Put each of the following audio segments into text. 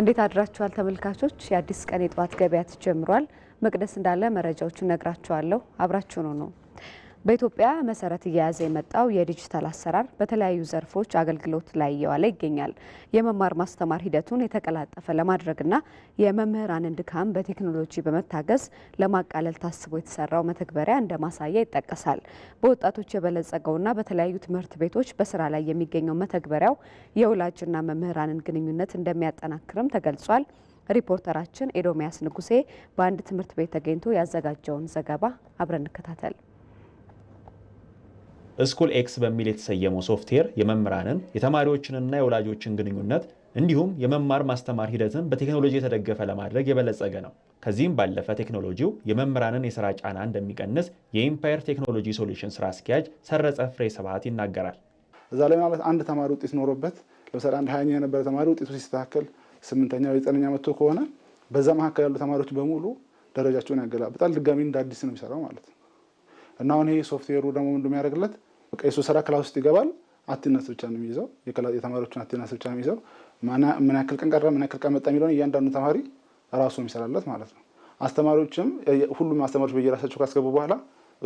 እንዴት አድራችኋል ተመልካቾች? የአዲስ ቀን የጠዋት ገበያ ተጀምሯል። መቅደስ እንዳለ መረጃዎቹን ነግራችኋለሁ። ነው ነው በኢትዮጵያ መሰረት እየያዘ የመጣው የዲጂታል አሰራር በተለያዩ ዘርፎች አገልግሎት ላይ እየዋለ ይገኛል። የመማር ማስተማር ሂደቱን የተቀላጠፈ ለማድረግና የመምህራንን ድካም በቴክኖሎጂ በመታገዝ ለማቃለል ታስቦ የተሰራው መተግበሪያ እንደ ማሳያ ይጠቀሳል። በወጣቶች የበለጸገውና በተለያዩ ትምህርት ቤቶች በስራ ላይ የሚገኘው መተግበሪያው የወላጅና መምህራንን ግንኙነት እንደሚያጠናክርም ተገልጿል። ሪፖርተራችን ኤዶሚያስ ንጉሴ በአንድ ትምህርት ቤት ተገኝቶ ያዘጋጀውን ዘገባ አብረን እንከታተል። ስኩል ኤክስ በሚል የተሰየመው ሶፍትዌር የመምህራንን የተማሪዎችንና የወላጆችን ግንኙነት እንዲሁም የመማር ማስተማር ሂደትን በቴክኖሎጂ የተደገፈ ለማድረግ የበለጸገ ነው። ከዚህም ባለፈ ቴክኖሎጂው የመምህራንን የሥራ ጫና እንደሚቀንስ የኢምፓየር ቴክኖሎጂ ሶሉሽን ስራ አስኪያጅ ሰረጸ ፍሬ ስብሐት ይናገራል። እዛ ላይ ማለት አንድ ተማሪ ውጤት ኖሮበት ለምሳሌ አንድ ሀያኛ የነበረ ተማሪ ውጤቱ ሲስተካከል ስምንተኛ ወይ ዘጠነኛ መጥቶ ከሆነ በዛ መካከል ያሉ ተማሪዎች በሙሉ ደረጃቸውን ያገላብጣል። ድጋሚ እንደ አዲስ ነው የሚሰራው ማለት ነው እና አሁን ይሄ ሶፍትዌሩ ደግሞ ምንድን የሚያደርግለት በቃ የሱ ስራ ክላስ ውስጥ ይገባል። አቴንዳንስ ብቻ ነው የሚይዘው፣ የተማሪዎችን አቴንዳንስ ብቻ ነው የሚይዘው። ምን ያክል ቀን ቀረ፣ ምን ያክል ቀን መጣ የሚለውን እያንዳንዱ ተማሪ ራሱ የሚሰራለት ማለት ነው። አስተማሪዎችም ሁሉም አስተማሪዎች በየራሳቸው ካስገቡ በኋላ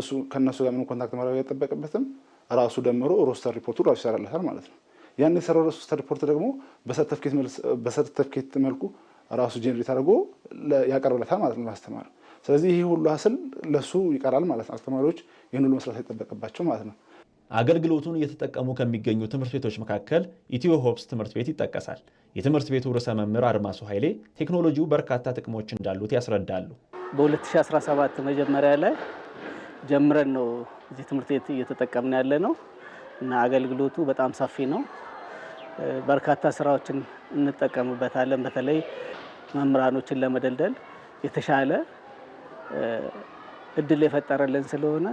እሱ ከእነሱ ጋር ምንም ኮንታክት ማድረግ አይጠበቅበትም። ራሱ ደምሮ ሮስተር ሪፖርቱ ራሱ ይሰራለታል ማለት ነው። ያን የሰራው ሮስተር ሪፖርት ደግሞ በሰርተፍኬት መልኩ ራሱ ጄኔሬት አድርጎ ያቀርብለታል ማለት ነው ለአስተማሪ። ስለዚህ ይህ ሁሉ ሀስል ለሱ ይቀራል ማለት ነው። አስተማሪዎች ይህን ሁሉ መስራት አይጠበቅባቸው ማለት ነው። አገልግሎቱን እየተጠቀሙ ከሚገኙ ትምህርት ቤቶች መካከል ኢትዮ ሆፕስ ትምህርት ቤት ይጠቀሳል። የትምህርት ቤቱ ርዕሰ መምህር አድማሱ ኃይሌ ቴክኖሎጂው በርካታ ጥቅሞች እንዳሉት ያስረዳሉ። በ2017 መጀመሪያ ላይ ጀምረን ነው እዚህ ትምህርት ቤት እየተጠቀምን ያለ ነው እና አገልግሎቱ በጣም ሰፊ ነው። በርካታ ስራዎችን እንጠቀምበታለን። በተለይ መምህራኖችን ለመደልደል የተሻለ እድል የፈጠረልን ስለሆነ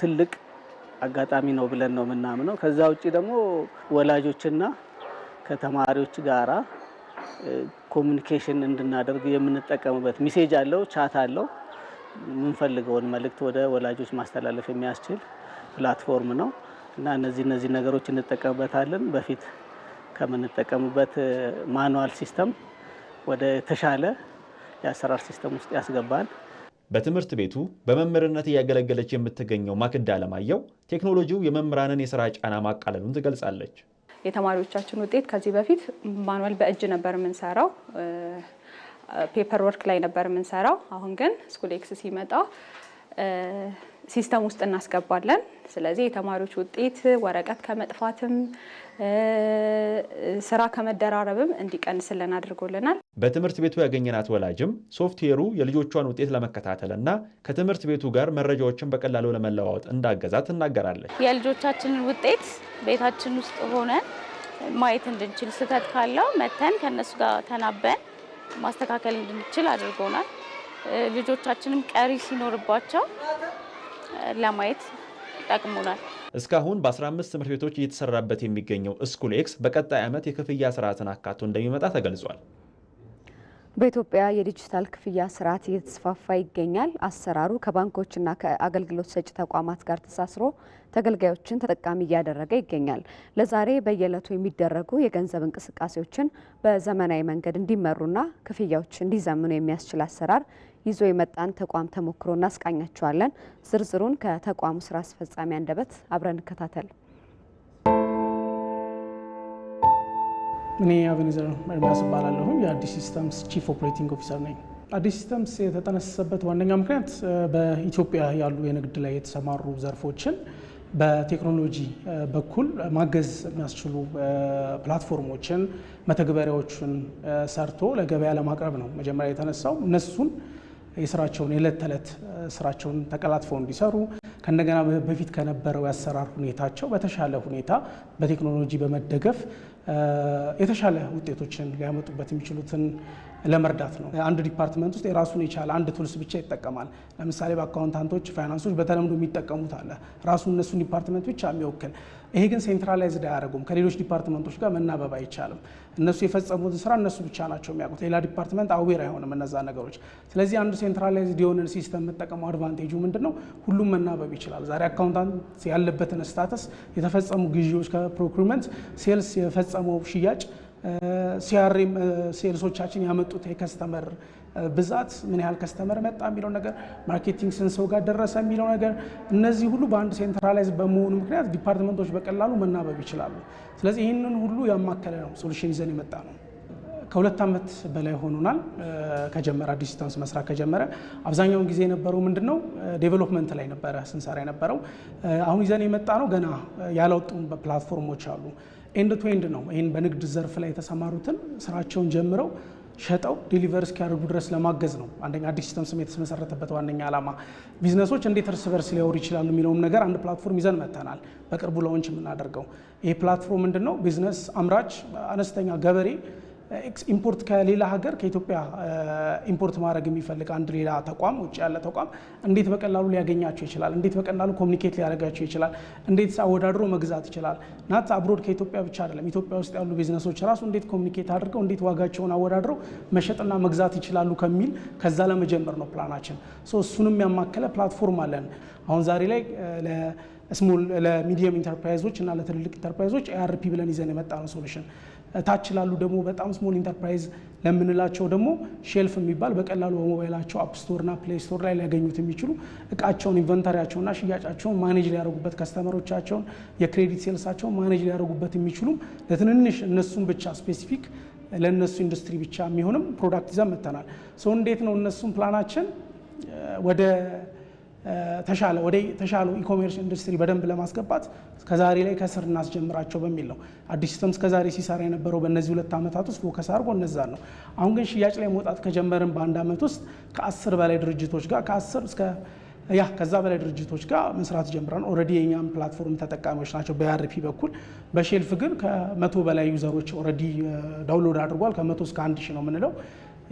ትልቅ አጋጣሚ ነው ብለን ነው የምናምነው። ከዛ ውጭ ደግሞ ወላጆችና ከተማሪዎች ጋራ ኮሚኒኬሽን እንድናደርግ የምንጠቀምበት ሚሴጅ አለው፣ ቻት አለው። የምንፈልገውን መልእክት ወደ ወላጆች ማስተላለፍ የሚያስችል ፕላትፎርም ነው እና እነዚህ እነዚህ ነገሮች እንጠቀምበታለን። በፊት ከምንጠቀምበት ማኑዋል ሲስተም ወደ ተሻለ የአሰራር ሲስተም ውስጥ ያስገባል። በትምህርት ቤቱ በመምህርነት እያገለገለች የምትገኘው ማክዳ አለማየው ቴክኖሎጂው የመምህራንን የስራ ጫና ማቃለሉን ትገልጻለች። የተማሪዎቻችን ውጤት ከዚህ በፊት ማኑዌል በእጅ ነበር የምንሰራው፣ ፔፐር ወርክ ላይ ነበር የምንሰራው። አሁን ግን ስኩል ኤክስ ሲመጣ ሲስተም ውስጥ እናስገባለን። ስለዚህ የተማሪዎች ውጤት ወረቀት ከመጥፋትም ስራ ከመደራረብም እንዲቀንስልን አድርጎልናል። በትምህርት ቤቱ ያገኘናት ወላጅም ሶፍትዌሩ የልጆቿን ውጤት ለመከታተል እና ከትምህርት ቤቱ ጋር መረጃዎችን በቀላሉ ለመለዋወጥ እንዳገዛ ትናገራለች። የልጆቻችንን ውጤት ቤታችን ውስጥ ሆነን ማየት እንድንችል ስህተት ካለው መተን ከእነሱ ጋር ተናበን ማስተካከል እንድንችል አድርጎናል። ልጆቻችንም ቀሪ ሲኖርባቸው ለማየት ጠቅሙናል። እስካሁን በ15 ትምህርት ቤቶች እየተሰራበት የሚገኘው ስኩል ኤክስ በቀጣይ ዓመት የክፍያ ስርዓትን አካቶ እንደሚመጣ ተገልጿል። በኢትዮጵያ የዲጂታል ክፍያ ስርዓት እየተስፋፋ ይገኛል። አሰራሩ ከባንኮችና ከአገልግሎት ሰጪ ተቋማት ጋር ተሳስሮ ተገልጋዮችን ተጠቃሚ እያደረገ ይገኛል። ለዛሬ በየዕለቱ የሚደረጉ የገንዘብ እንቅስቃሴዎችን በዘመናዊ መንገድ እንዲመሩና ክፍያዎች እንዲዘምኑ የሚያስችል አሰራር ይዞ የመጣን ተቋም ተሞክሮ እናስቃኛችኋለን። ዝርዝሩን ከተቋሙ ስራ አስፈጻሚ አንደበት አብረን እንከታተል። እኔ አቤኔዘር መርማስ እባላለሁ። የአዲስ ሲስተምስ ቺፍ ኦፕሬቲንግ ኦፊሰር ነኝ። አዲስ ሲስተምስ የተጠነሰሰበት ዋነኛ ምክንያት በኢትዮጵያ ያሉ የንግድ ላይ የተሰማሩ ዘርፎችን በቴክኖሎጂ በኩል ማገዝ የሚያስችሉ ፕላትፎርሞችን፣ መተግበሪያዎችን ሰርቶ ለገበያ ለማቅረብ ነው መጀመሪያ የተነሳው። እነሱን የስራቸውን የዕለት ተዕለት ስራቸውን ተቀላጥፈው እንዲሰሩ ከእንደገና በፊት ከነበረው የአሰራር ሁኔታቸው በተሻለ ሁኔታ በቴክኖሎጂ በመደገፍ የተሻለ ውጤቶችን ሊያመጡበት የሚችሉትን ለመርዳት ነው። አንድ ዲፓርትመንት ውስጥ የራሱን የቻለ አንድ ቱልስ ብቻ ይጠቀማል። ለምሳሌ በአካውንታንቶች፣ ፋይናንሶች በተለምዶ የሚጠቀሙት አለ ራሱን እነሱን ዲፓርትመንት ብቻ የሚወክል ይሄ ግን ሴንትራላይዝድ አያደርጉም። ከሌሎች ዲፓርትመንቶች ጋር መናበብ አይቻልም። እነሱ የፈጸሙትን ስራ እነሱ ብቻ ናቸው የሚያውቁት። ሌላ ዲፓርትመንት አዌር አይሆንም እነዛ ነገሮች። ስለዚህ አንዱ ሴንትራላይዝድ የሆነን ሲስተም የምጠቀመው አድቫንቴጁ ምንድን ነው? ሁሉም መናበብ ይችላል። ዛሬ አካውንታንት ያለበትን ስታተስ፣ የተፈጸሙ ግዢዎች ከፕሮኩርመንት፣ ሴልስ የፈጸመው ሽያጭ፣ ሲአርኤም ሴልሶቻችን ያመጡት የከስተመር ብዛት ምን ያህል ከስተመር መጣ የሚለው ነገር፣ ማርኬቲንግ ስንት ሰው ጋር ደረሰ የሚለው ነገር፣ እነዚህ ሁሉ በአንድ ሴንትራላይዝ በመሆኑ ምክንያት ዲፓርትመንቶች በቀላሉ መናበብ ይችላሉ። ስለዚህ ይህንን ሁሉ ያማከለ ነው ሶሉሽን ይዘን የመጣ ነው። ከሁለት ዓመት በላይ ሆኖናል ከጀመረ አዲስ ዲስታንስ መስራት ከጀመረ። አብዛኛውን ጊዜ የነበረው ምንድን ነው ዴቨሎፕመንት ላይ ነበረ ስንሰራ የነበረው። አሁን ይዘን የመጣ ነው ገና ያለወጡ ፕላትፎርሞች አሉ። ኤንድ ቱ ኤንድ ነው። ይህን በንግድ ዘርፍ ላይ የተሰማሩትን ስራቸውን ጀምረው ሸጠው ዴሊቨር እስኪያደርጉ ድረስ ለማገዝ ነው። አንደኛ አዲስ ሲስተም ስም የተመሰረተበት ዋነኛ ዓላማ ቢዝነሶች እንዴት እርስ በርስ ሊያወሩ ይችላሉ የሚለውም ነገር አንድ ፕላትፎርም ይዘን መጥተናል። በቅርቡ ላውንች የምናደርገው ይህ ፕላትፎርም ምንድን ነው? ቢዝነስ አምራች አነስተኛ ገበሬ ኢምፖርት ከሌላ ሀገር ከኢትዮጵያ ኢምፖርት ማድረግ የሚፈልግ አንድ ሌላ ተቋም ውጭ ያለ ተቋም እንዴት በቀላሉ ሊያገኛቸው ይችላል? እንዴት በቀላሉ ኮሚኒኬት ሊያደርጋቸው ይችላል? እንዴት አወዳድሮ መግዛት ይችላል? ናት አብሮድ ከኢትዮጵያ ብቻ አይደለም ኢትዮጵያ ውስጥ ያሉ ቢዝነሶች ራሱ እንዴት ኮሚኒኬት አድርገው እንዴት ዋጋቸውን አወዳድረው መሸጥና መግዛት ይችላሉ ከሚል ከዛ ለመጀመር ነው ፕላናችን። እሱንም ያማከለ ፕላትፎርም አለን አሁን ዛሬ ላይ ስሞል ለሚዲየም ኢንተርፕራይዞች እና ለትልልቅ ኢንተርፕራይዞች ኤአርፒ ብለን ይዘን የመጣ ነው ሶሉሽን እታች ላሉ ደግሞ በጣም ስሞል ኢንተርፕራይዝ ለምንላቸው ደግሞ ሼልፍ የሚባል በቀላሉ በሞባይላቸው አፕ ና ፕሌይ ስቶር ላይ ሊያገኙት የሚችሉ እቃቸውን ኢንቨንታሪያቸውና ሽያጫቸውን ማኔጅ ሊያደርጉበት ከስተመሮቻቸውን የክሬዲት ሴልሳቸውን ማኔጅ ሊያደርጉበት የሚችሉም ለትንንሽ እነሱን ብቻ ስፔሲፊክ ለእነሱ ኢንዱስትሪ ብቻ የሚሆንም ፕሮዳክት ይዘን መጥተናል። ሰው እንዴት ነው እነሱን ፕላናችን ወደ ተሻለ ወደ ተሻለው ኢኮሜርስ ኢንዱስትሪ በደንብ ለማስገባት ከዛሬ ላይ ከስር እናስጀምራቸው በሚል ነው። አዲስ ሲስተም እስከዛሬ ሲሰራ የነበረው በእነዚህ ሁለት ዓመታት ውስጥ ፎከስ አድርጎ እነዛን ነው። አሁን ግን ሽያጭ ላይ መውጣት ከጀመርን በአንድ ዓመት ውስጥ ከአስር በላይ ድርጅቶች ጋር ከአስር እስከ ያ ከዛ በላይ ድርጅቶች ጋር መስራት ጀምረን ኦልሬዲ የኛም ፕላትፎርም ተጠቃሚዎች ናቸው። በአርፒ በኩል በሼልፍ ግን ከመቶ በላይ ዩዘሮች ኦልሬዲ ዳውንሎድ አድርጓል። ከመቶ እስከ አንድ ሺህ ነው የምንለው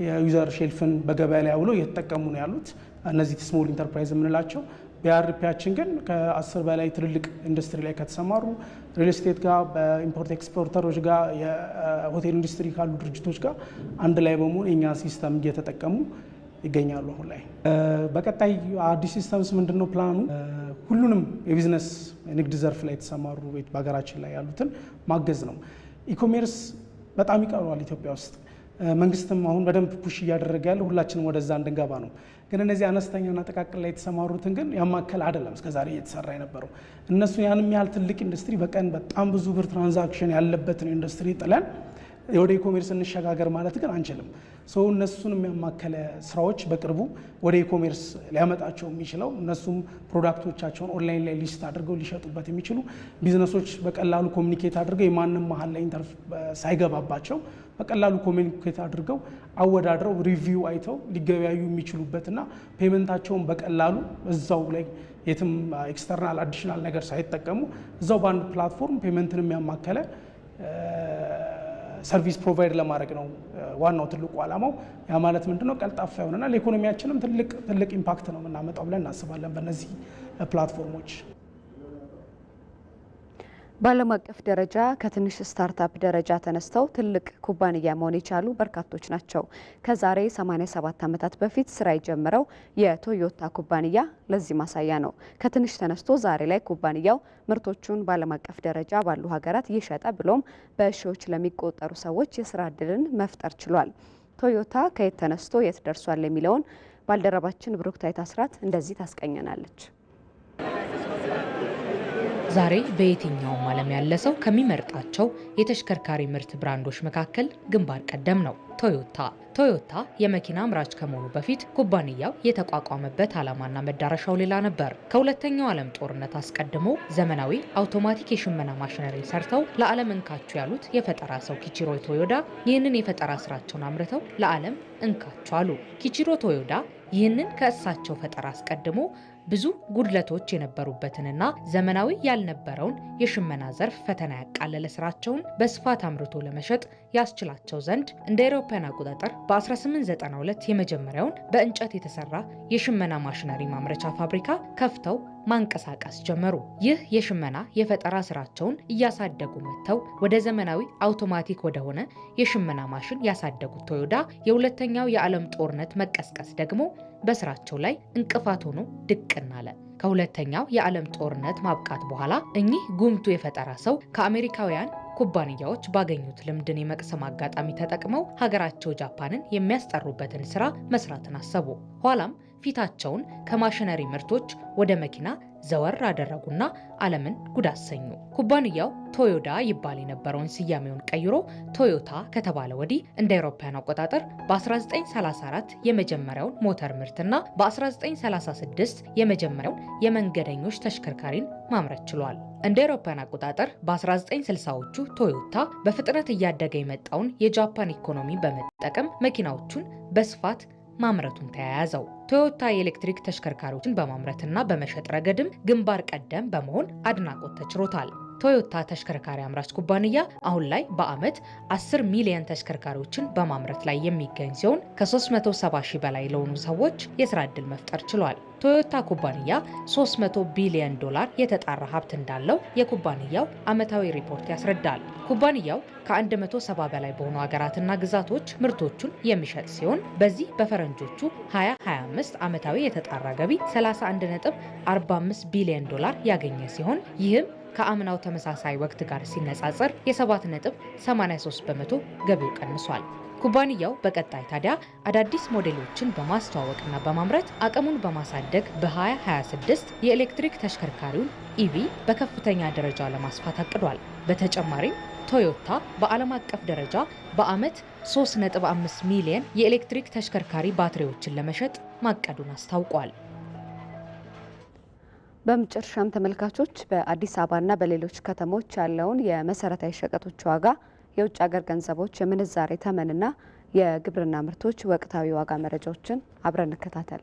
የዩዘር ሼልፍን በገበያ ላይ አውለው እየተጠቀሙ ነው ያሉት እነዚህ ስሞል ኢንተርፕራይዝ የምንላቸው። ቢአርፒያችን ግን ከአስር በላይ ትልልቅ ኢንዱስትሪ ላይ ከተሰማሩ ሪል ስቴት ጋር በኢምፖርት ኤክስፖርተሮች ጋር የሆቴል ኢንዱስትሪ ካሉ ድርጅቶች ጋር አንድ ላይ በመሆን የኛ ሲስተም እየተጠቀሙ ይገኛሉ። አሁን ላይ በቀጣይ አዲስ ሲስተምስ ምንድን ነው ፕላኑ? ሁሉንም የቢዝነስ ንግድ ዘርፍ ላይ የተሰማሩ በሀገራችን ላይ ያሉትን ማገዝ ነው። ኢኮሜርስ በጣም ይቀረዋል ኢትዮጵያ ውስጥ መንግስትም አሁን በደንብ ፑሽ እያደረገ ያለ ሁላችንም ወደዛ እንድንገባ ነው። ግን እነዚህ አነስተኛና ጥቃቅን ላይ የተሰማሩትን ግን ያማከል አይደለም እስከዛሬ እየተሰራ የነበረው። እነሱን ያንም ያህል ትልቅ ኢንዱስትሪ በቀን በጣም ብዙ ብር ትራንዛክሽን ያለበትን ኢንዱስትሪ ጥለን ወደ ኢኮሜርስ እንሸጋገር ማለት ግን አንችልም። ሰው እነሱን የሚያማከለ ስራዎች በቅርቡ ወደ ኢኮሜርስ ሊያመጣቸው የሚችለው እነሱም ፕሮዳክቶቻቸውን ኦንላይን ላይ ሊስት አድርገው ሊሸጡበት የሚችሉ ቢዝነሶች በቀላሉ ኮሚኒኬት አድርገው የማንም መሀል ላይ ኢንተር ሳይገባባቸው በቀላሉ ኮሚኒኬት አድርገው አወዳድረው ሪቪው አይተው ሊገበያዩ የሚችሉበትና ፔመንታቸውን በቀላሉ እዛው ላይ የትም ኤክስተርናል አዲሽናል ነገር ሳይጠቀሙ እዛው በአንድ ፕላትፎርም ፔመንትን የሚያማከለ ሰርቪስ ፕሮቫይድ ለማድረግ ነው uh, ዋናው ትልቁ ዓላማው። ያ ማለት ምንድነው? ቀልጣፋ የሆነና ለኢኮኖሚያችንም ትልቅ ትልቅ ኢምፓክት ነው የምናመጣው ብለን እናስባለን በእነዚህ ፕላትፎርሞች uh, በዓለም አቀፍ ደረጃ ከትንሽ ስታርታፕ ደረጃ ተነስተው ትልቅ ኩባንያ መሆን የቻሉ በርካቶች ናቸው። ከዛሬ 87 ዓመታት በፊት ስራ የጀመረው የቶዮታ ኩባንያ ለዚህ ማሳያ ነው። ከትንሽ ተነስቶ ዛሬ ላይ ኩባንያው ምርቶቹን በዓለም አቀፍ ደረጃ ባሉ ሀገራት እየሸጠ ብሎም በሺዎች ለሚቆጠሩ ሰዎች የስራ እድልን መፍጠር ችሏል። ቶዮታ ከየት ተነስቶ የት ደርሷል የሚለውን ባልደረባችን ብሩክታይት አስራት እንደዚህ ታስቀኘናለች። ዛሬ በየትኛውም ዓለም ያለ ሰው ከሚመርጣቸው የተሽከርካሪ ምርት ብራንዶች መካከል ግንባር ቀደም ነው ቶዮታ። ቶዮታ የመኪና አምራች ከመሆኑ በፊት ኩባንያው የተቋቋመበት ዓላማና መዳረሻው ሌላ ነበር። ከሁለተኛው ዓለም ጦርነት አስቀድሞ ዘመናዊ አውቶማቲክ የሽመና ማሽነሪ ሰርተው ለዓለም እንካቹ ያሉት የፈጠራ ሰው ኪችሮ ቶዮዳ ይህንን የፈጠራ ስራቸውን አምርተው ለዓለም እንካቹ አሉ። ኪችሮ ቶዮዳ ይህንን ከእሳቸው ፈጠራ አስቀድሞ ብዙ ጉድለቶች የነበሩበትንና ዘመናዊ ያልነበረውን የሽመና ዘርፍ ፈተና ያቃለለ ስራቸውን በስፋት አምርቶ ለመሸጥ ያስችላቸው ዘንድ እንደ አውሮፓውያን አቆጣጠር በ1892 የመጀመሪያውን በእንጨት የተሰራ የሽመና ማሽነሪ ማምረቻ ፋብሪካ ከፍተው ማንቀሳቀስ ጀመሩ። ይህ የሽመና የፈጠራ ስራቸውን እያሳደጉ መጥተው ወደ ዘመናዊ አውቶማቲክ ወደሆነ የሽመና ማሽን ያሳደጉት ቶዮዳ የሁለተኛው የዓለም ጦርነት መቀስቀስ ደግሞ በስራቸው ላይ እንቅፋት ሆኖ ድቅን አለ። ከሁለተኛው የዓለም ጦርነት ማብቃት በኋላ እኚህ ጉምቱ የፈጠራ ሰው ከአሜሪካውያን ኩባንያዎች ባገኙት ልምድን የመቅሰም አጋጣሚ ተጠቅመው ሀገራቸው ጃፓንን የሚያስጠሩበትን ስራ መስራትን አሰቡ። ኋላም ፊታቸውን ከማሽነሪ ምርቶች ወደ መኪና ዘወር አደረጉና ዓለምን ጉድ አሰኙ። ኩባንያው ቶዮዳ ይባል የነበረውን ስያሜውን ቀይሮ ቶዮታ ከተባለ ወዲህ እንደ አውሮፓውያን አቆጣጠር በ1934 የመጀመሪያውን ሞተር ምርትና በ1936 የመጀመሪያውን የመንገደኞች ተሽከርካሪን ማምረት ችሏል። እንደ አውሮፓውያን አቆጣጠር በ1960ዎቹ ቶዮታ በፍጥነት እያደገ የመጣውን የጃፓን ኢኮኖሚ በመጠቀም መኪናዎቹን በስፋት ማምረቱን ተያያዘው። ቶዮታ የኤሌክትሪክ ተሽከርካሪዎችን በማምረትና በመሸጥ ረገድም ግንባር ቀደም በመሆን አድናቆት ተችሮታል። ቶዮታ ተሽከርካሪ አምራች ኩባንያ አሁን ላይ በዓመት 10 ሚሊዮን ተሽከርካሪዎችን በማምረት ላይ የሚገኝ ሲሆን ከ370 ሺህ በላይ ለሆኑ ሰዎች የስራ ዕድል መፍጠር ችሏል። ቶዮታ ኩባንያ 300 ቢሊዮን ዶላር የተጣራ ሀብት እንዳለው የኩባንያው ዓመታዊ ሪፖርት ያስረዳል። ኩባንያው ከ170 በላይ በሆኑ ሀገራትና ግዛቶች ምርቶቹን የሚሸጥ ሲሆን በዚህ በፈረንጆቹ 2025 ዓመታዊ የተጣራ ገቢ 31.45 ቢሊዮን ዶላር ያገኘ ሲሆን ይህም ከአምናው ተመሳሳይ ወቅት ጋር ሲነጻጸር የ7.83 በመቶ ገቢው ቀንሷል። ኩባንያው በቀጣይ ታዲያ አዳዲስ ሞዴሎችን በማስተዋወቅና በማምረት አቅሙን በማሳደግ በ2026 የኤሌክትሪክ ተሽከርካሪውን ኢቪ በከፍተኛ ደረጃ ለማስፋት አቅዷል። በተጨማሪም ቶዮታ በዓለም አቀፍ ደረጃ በዓመት 3.5 ሚሊየን የኤሌክትሪክ ተሽከርካሪ ባትሪዎችን ለመሸጥ ማቀዱን አስታውቋል። በመጨረሻም ተመልካቾች በአዲስ አበባና በሌሎች ከተሞች ያለውን የመሰረታዊ ሸቀጦች ዋጋ፣ የውጭ ሀገር ገንዘቦች የምንዛሬ ተመንና የግብርና ምርቶች ወቅታዊ ዋጋ መረጃዎችን አብረን እንከታተል።